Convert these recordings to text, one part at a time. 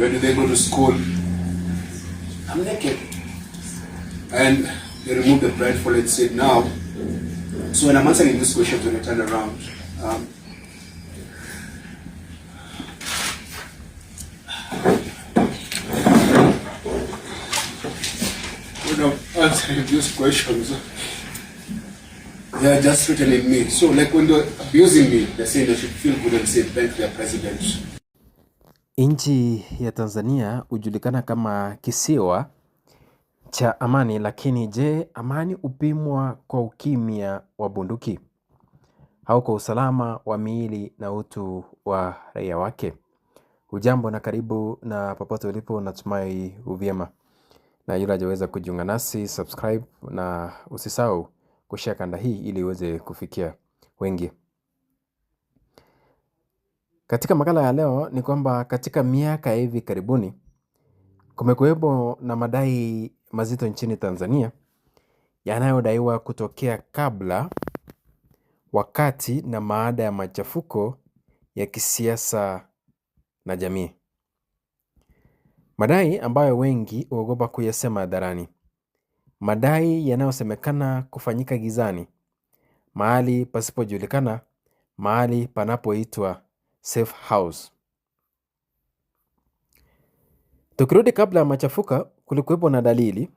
Where do they go to school? I'm naked. And they removed the blindfold and said, now, so when I'm answering these questions, when I turn around, um, when I'm answering these questions, they are just threatening me. So like when they're abusing me, they're saying they should feel good and say, thank you, president. Nchi ya Tanzania hujulikana kama kisiwa cha amani, lakini je, amani hupimwa kwa ukimya wa bunduki au kwa usalama wa miili na utu wa raia wake? ujambo na karibu na popote ulipo, natumai uvyema. Na yule hajaweza kujiunga nasi, subscribe na usisahau kushare kanda hii ili iweze kufikia wengi. Katika makala ya leo ni kwamba katika miaka ya hivi karibuni kumekuwepo na madai mazito nchini Tanzania yanayodaiwa kutokea kabla, wakati na baada ya machafuko ya kisiasa na jamii, madai ambayo wengi huogopa kuyasema hadharani, madai yanayosemekana kufanyika gizani, mahali pasipojulikana, mahali panapoitwa safe house. Tukirudi kabla ya machafuka, kulikuwepo na dalili: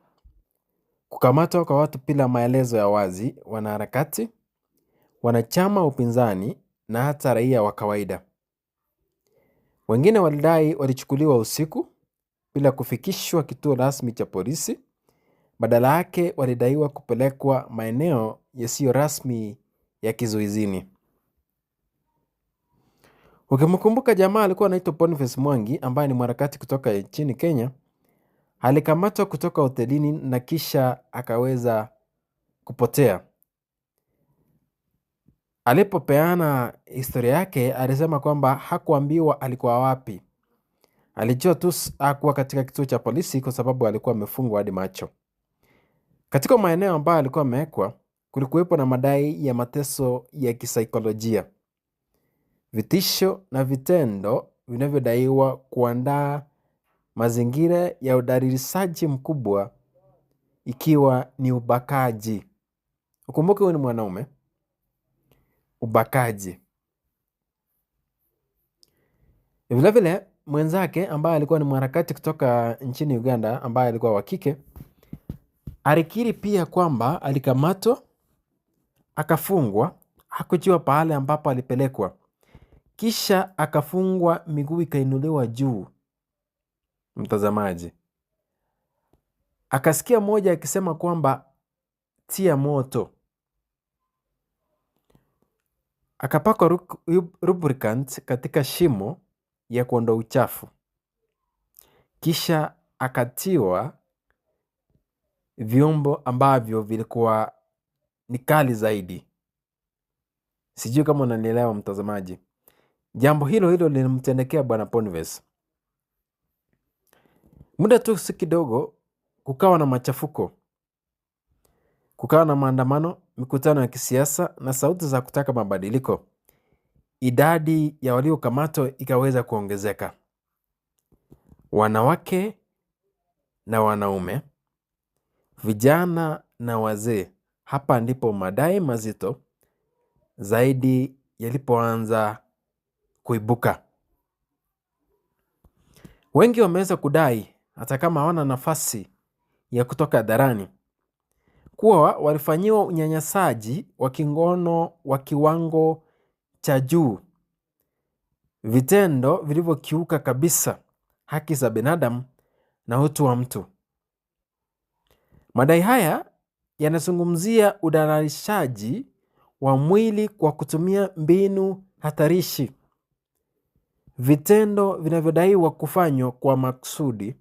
kukamatwa kwa watu bila maelezo ya wazi, wanaharakati, wanachama upinzani na hata raia wa kawaida. Wengine walidai walichukuliwa usiku bila kufikishwa kituo rasmi cha polisi. Badala yake walidaiwa kupelekwa maeneo yasiyo rasmi ya kizuizini. Ukimkumbuka jamaa alikuwa anaitwa Boniface Mwangi ambaye ni mharakati kutoka nchini Kenya, alikamatwa kutoka hotelini na kisha akaweza kupotea. Alipopeana historia yake, alisema kwamba hakuambiwa alikuwa wapi. Alijua tu hakuwa katika kituo cha polisi kwa sababu alikuwa amefungwa hadi macho. Katika maeneo ambayo alikuwa amewekwa, kulikuwepo na madai ya mateso ya kisaikolojia vitisho na vitendo vinavyodaiwa kuandaa mazingira ya udhalilishaji mkubwa ikiwa ni ubakaji. Ukumbuke huyu ni mwanaume. Ubakaji vilevile, mwenzake ambaye alikuwa ni mwanaharakati kutoka nchini Uganda ambaye alikuwa wa kike alikiri pia kwamba alikamatwa akafungwa, hakujua pahali ambapo alipelekwa kisha akafungwa miguu ikainuliwa juu. Mtazamaji akasikia mmoja akisema kwamba tia moto, akapakwa lubricant katika shimo ya kuondoa uchafu, kisha akatiwa vyombo ambavyo vilikuwa ni kali zaidi. Sijui kama unanielewa mtazamaji. Jambo hilo hilo lilimtendekea bwana Boniface. Muda tu si kidogo, kukawa na machafuko, kukawa na maandamano, mikutano ya kisiasa na sauti za kutaka mabadiliko. Idadi ya waliokamatwa ikaweza kuongezeka, wanawake na wanaume, vijana na wazee. Hapa ndipo madai mazito zaidi yalipoanza kuibuka. Wengi wameweza kudai hata kama hawana nafasi ya kutoka hadharani kuwa walifanyiwa unyanyasaji wa kingono wa kiwango cha juu, vitendo vilivyokiuka kabisa haki za binadamu na utu wa mtu. Madai haya yanazungumzia udararishaji wa mwili kwa kutumia mbinu hatarishi vitendo vinavyodaiwa kufanywa kwa maksudi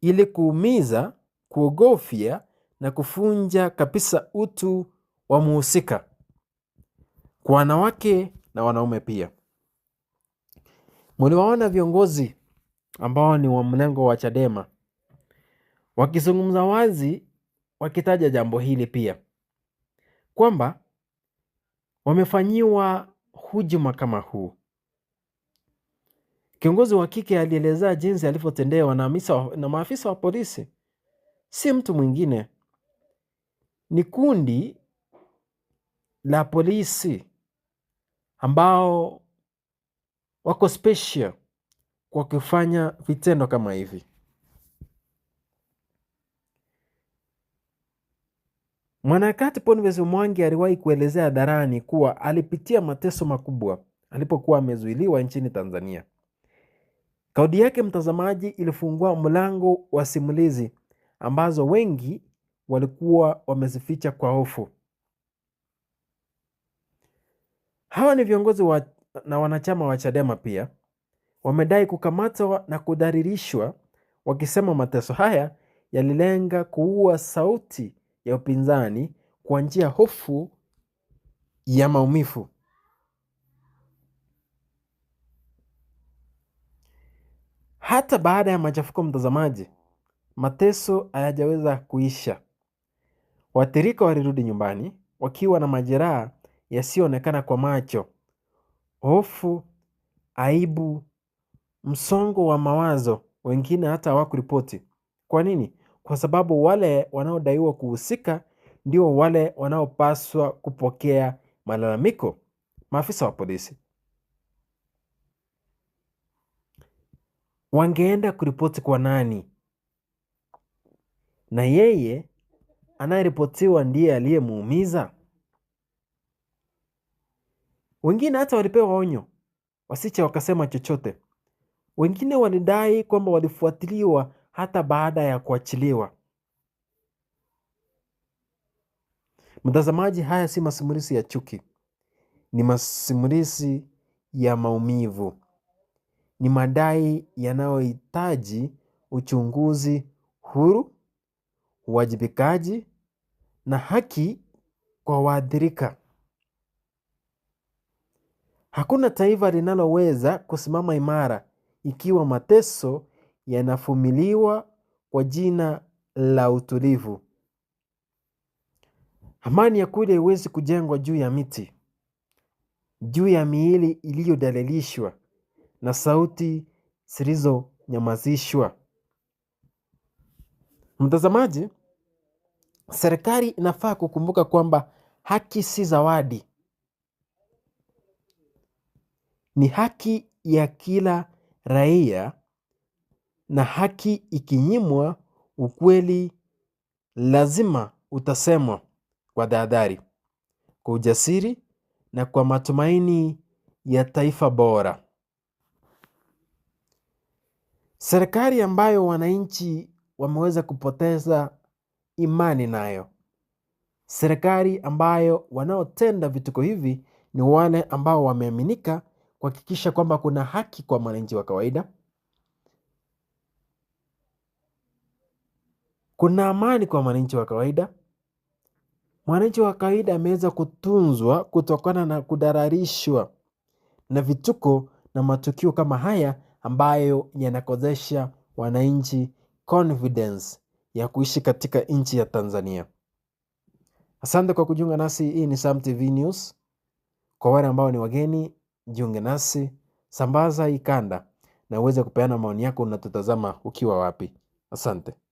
ili kuumiza, kuogofya na kufunja kabisa utu wa muhusika kwa wanawake na wanaume pia. Mliwaona viongozi ambao ni wa mlengo wa Chadema wakizungumza wazi, wakitaja jambo hili pia kwamba wamefanyiwa hujuma kama huu Kiongozi wa kike alielezea jinsi alivyotendewa na, na maafisa wa polisi. Si mtu mwingine, ni kundi la polisi ambao wako special kwa kufanya vitendo kama hivi. Mwanaharakati Boniface Mwangi aliwahi kuelezea hadharani kuwa alipitia mateso makubwa alipokuwa amezuiliwa nchini Tanzania. Kaudi yake mtazamaji, ilifungua mlango wa simulizi ambazo wengi walikuwa wamezificha kwa hofu. Hawa ni viongozi wa, na wanachama wa Chadema pia wamedai kukamatwa na kudhalilishwa, wakisema mateso haya yalilenga kuua sauti ya upinzani kwa njia hofu ya maumivu. Hata baada ya machafuko, mtazamaji, mateso hayajaweza kuisha. Waathirika walirudi nyumbani wakiwa na majeraha yasiyoonekana kwa macho, hofu, aibu, msongo wa mawazo. Wengine hata hawakuripoti. Kwa nini? Kwa sababu wale wanaodaiwa kuhusika ndio wale wanaopaswa kupokea malalamiko, maafisa wa polisi. wangeenda kuripoti kwa nani? Na yeye anayeripotiwa ndiye aliyemuumiza. Wengine hata walipewa onyo wasiche wakasema chochote. Wengine walidai kwamba walifuatiliwa hata baada ya kuachiliwa. Mtazamaji, haya si masimulizi ya chuki, ni masimulizi ya maumivu ni madai yanayohitaji uchunguzi huru, uwajibikaji na haki kwa waathirika. Hakuna taifa linaloweza kusimama imara ikiwa mateso yanafumiliwa kwa jina la utulivu. Amani ya kweli haiwezi kujengwa juu ya miti, juu ya miili iliyodhalilishwa, na sauti zilizonyamazishwa. Mtazamaji, serikali inafaa kukumbuka kwamba haki si zawadi, ni haki ya kila raia, na haki ikinyimwa, ukweli lazima utasemwa kwa tahadhari, kwa ujasiri na kwa matumaini ya taifa bora serikali ambayo wananchi wameweza kupoteza imani nayo, serikali ambayo wanaotenda vituko hivi ni wale ambao wameaminika kuhakikisha kwamba kuna haki kwa mwananchi wa kawaida, kuna amani kwa mwananchi wa kawaida. Mwananchi wa kawaida ameweza kutunzwa kutokana na kudararishwa na vituko na matukio kama haya ambayo yanakozesha wananchi confidence ya kuishi katika nchi ya Tanzania. Asante kwa kujiunga nasi. Hii ni Sam TV News. Kwa wale ambao ni wageni, jiunge nasi, sambaza ikanda na uweze kupeana maoni yako, unatutazama ukiwa wapi. Asante.